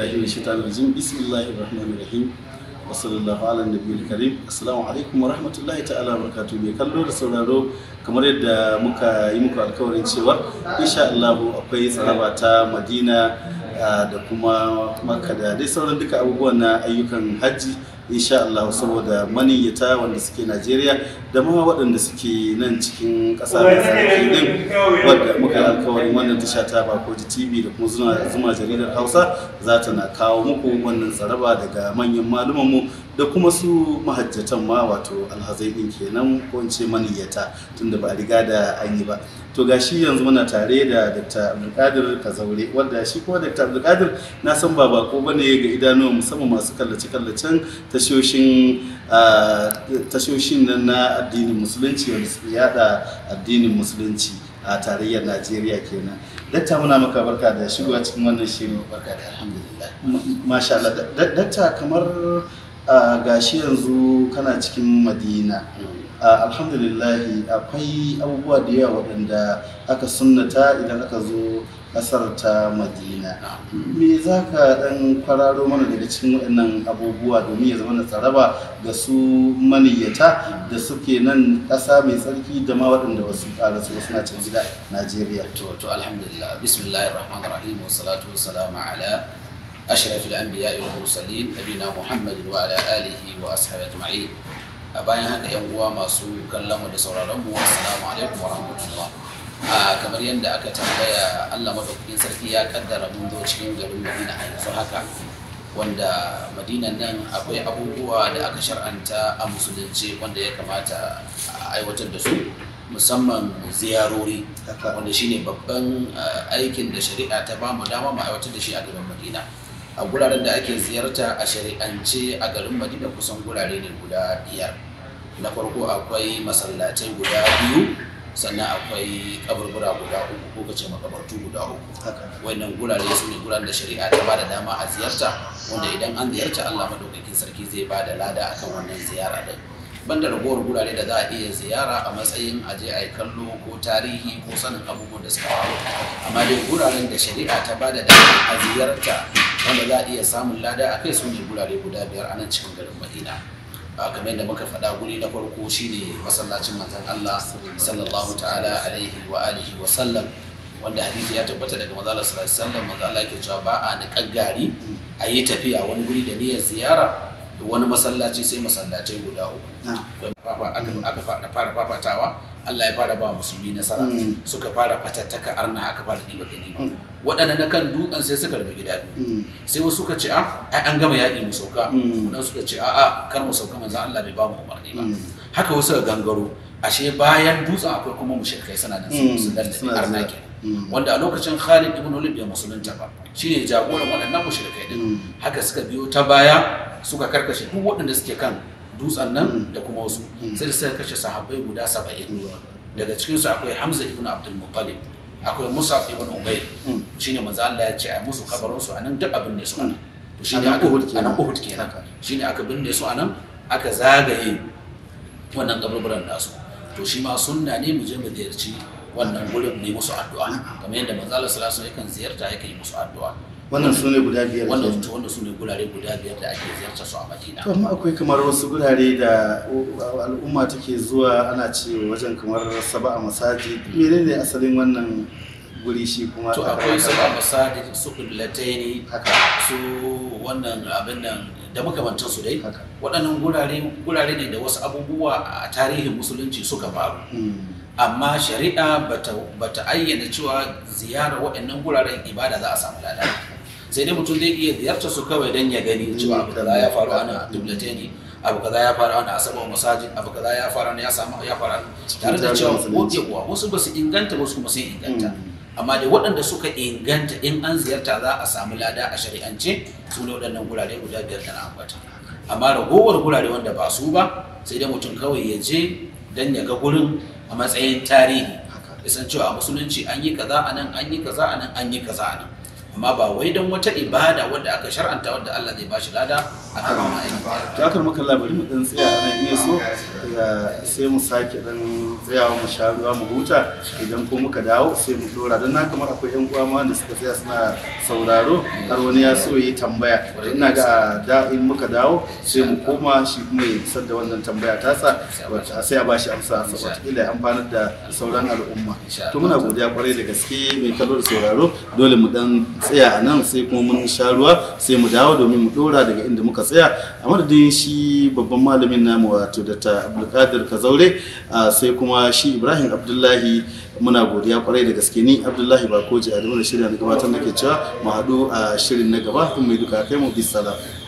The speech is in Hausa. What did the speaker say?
billahi min shaitanir rajim bismillahir rahmanir rahim wa sallallahu ala nabiyil karim assalamu alaikum wa rahmatullahi ta'ala wa barakatuh mai kallo da sauraro kamar yadda muka yi muku alkawarin cewa insha Allah akwai tsaraba ta Madina da kuma Makka da dai sauran duka abubuwan na ayyukan hajji insha Allah saboda maniyyata wanda suke Najeriya da ma waɗanda suke nan cikin ƙasa da sarki din wadda muka yi wannan tasha ta Bakoji TV da kuma zuma jaridar Hausa za ta na kawo muku wannan tsaraba daga manyan mu da kuma su mahajjatan ma wato alhazai din kenan ko in ce maniyyata tunda ba a riga da an yi ba. to ga shi yanzu muna tare da dr abdulkadir kazaure wanda shi kuma dr abdulkadir na san ba bako ba ne ga idanuwa musamman masu kallace-kallacen tashoshin nan na addinin musulunci wanda su yada addinin musulunci a tarayyar najeriya kenan dakta muna maka barka da shigowa cikin wannan shiri barka da alhamdulillah masha Allah dakta kamar gashi yanzu kana cikin madina mm. alhamdulillahi akwai abubuwa da yawa waɗanda aka sunnata idan aka zo ƙasar ta madina me za ka ɗan kwararo mana daga cikin waɗannan abubuwa domin ya zama na tsaraba ga su maniyyata da suke nan ƙasa mai tsarki da ma waɗanda wasu ƙara su suna can gida najeriya to to alhamdulillah bismillahir rahmanir rahim wa salatu wa ala ashrafil anbiya'i wal mursalin nabina muhammadin wa ala alihi wa ashabihi ajma'in a bayan haka yan uwa masu kallon mu da sauraron mu assalamu alaikum wa a kamar yadda aka tambaya Allah madaukakin sarki ya kaddara mun zo cikin garin Madina a yanzu haka wanda Madinan nan akwai abubuwa da aka shar'anta a musulunci wanda ya kamata a aiwatar da su musamman ziyarori wanda shine babban eh, aikin da shari'a ta bamu dama mu aiwatar da shi a garin Madina a guraren da ake ziyarta a shari'ance a garin madina kusan gurare ne guda biyar na farko akwai masallatai guda biyu sannan akwai kaburbura guda uku ko kace makabartu guda uku wannan gurare su ne guraren da shari'a ta bada dama a ziyarta wanda idan an ziyarta Allah madaukakin sarki zai bada lada akan wannan ziyara din da ragowar gurare da za a iya ziyara a matsayin aje a kallo ko tarihi ko sanin abubuwan da suka faru amma dai guraren da shari'a ta ba da a ziyarta wanda za a iya samun lada a kai su ne gurare guda biyar a nan cikin garin madina kamar yadda muka faɗa guri na farko shine masallacin manzon Allah sallallahu ta'ala alaihi wa alihi wa sallam wanda hadisi ya tabbata daga manzon Allah sallallahu alaihi wa sallam manzon Allah yake cewa ba a niƙar gari a yi tafiya wani guri da niyyar ziyara wani masallaci sai masallacai guda uku aka fara fafatawa Allah ya fara ba musulmi nasara mm. suka fara fatattaka arna aka fara ɗiba gani mm. waɗanda na kan dutsen sai suka rabu gida mm. sai wasu suka ce a ah, ai an gama yaƙi mu sauka wadansu suka ce a a kar mu sauka manzon Allah bai ba mu umarni ba haka wasu gangaro ashe bayan dutsen akwai kuma mushrikai suna da su da arna ke wanda a lokacin Khalid ibn Walid bai musulunta ba shine jagoran waɗannan mushrikai din haka suka biyo ta baya suka karkashe duk waɗanda suke kan dutsen nan mm. da kuma wasu mm. sai da suka kashe sahabbai guda saba'in daga cikinsu akwai hamza ibn abdul muttalib akwai musa ibn ubayr mm. shine manzo Allah ya ce a musu kabarin su anan duk abin ne su anan to shine aka anan uhud kenan shine aka binne su anan aka zagaye wannan kaburburan nasu to shi ma sunna ne mu je mu ziyarci wannan gurin ne musu addu'a kamar yadda manzo Allah sallallahu alaihi wasallam yakan ziyarta yake yi musu addu'a wannan su ne guda biyar wannan su ne gurare guda biyar da ake ziyarta su a Madina to amma akwai kamar wasu gurare da al'umma take zuwa ana ce wajen kamar saba'a masaji menene asalin wannan guri shi kuma to akwai saba'a masaji su kullataini haka su wannan abin nan da makamantan su dai waɗannan gurare gurare ne da wasu abubuwa a tarihin musulunci suka faru hmm. amma shari'a bata ayyana cewa ziyarar waɗannan guraren ibada za a samu lada sai dai mutum zai iya ziyarta su kawai don ya gani cewa abu kaza ya faru ana ne. abu kaza ya faru ana asabar masaji abu kaza ya faru ya samu ya faru tare da cewa kuwa wasu ba su inganta wasu kuma sai inganta mm. amma da waɗanda suka inganta in an ziyarta za a samu lada a shari'ance su ne waɗannan gurare guda biyar da na ambata amma ragowar gurare wanda ba su ba sai dai mutum kawai ya je don ya ga gurin a matsayin tarihi isan cewa a musulunci an yi kaza a nan an yi kaza a nan an yi kaza a nan amma ba wai don wata ibada wadda aka shar'anta wadda Allah zai bashi lada a kan wani aiki. Ta kar maka labari mu dan tsaya nan ne so sai mu sake dan tsayawa mu sha ruwa mu huta idan ko muka dawo sai mu dora dan na kamar akwai yan uwa ma da suka tsaya suna sauraro har wani ya so yi tambaya ina ga da in muka dawo sai mu koma shi kuma ya isar da wannan tambaya tasa wacce sai ya bashi amsa saboda kila ya amfanar da sauran al'umma. To muna godiya kwarai da gaske mai kallon sauraro dole mu dan tsaya a nan sai kuma mun sha ruwa sai mu dawo domin mu dora daga inda muka tsaya a madadin shi babban malamin namu wato da ta abdulkadir kazaure sai kuma shi ibrahim abdullahi muna godiya kwarai da gaske ni abdullahi bakoji a da shirya na gabatar nake cewa mu haɗu a shirin na gaba kuma mai duka kai mu bisala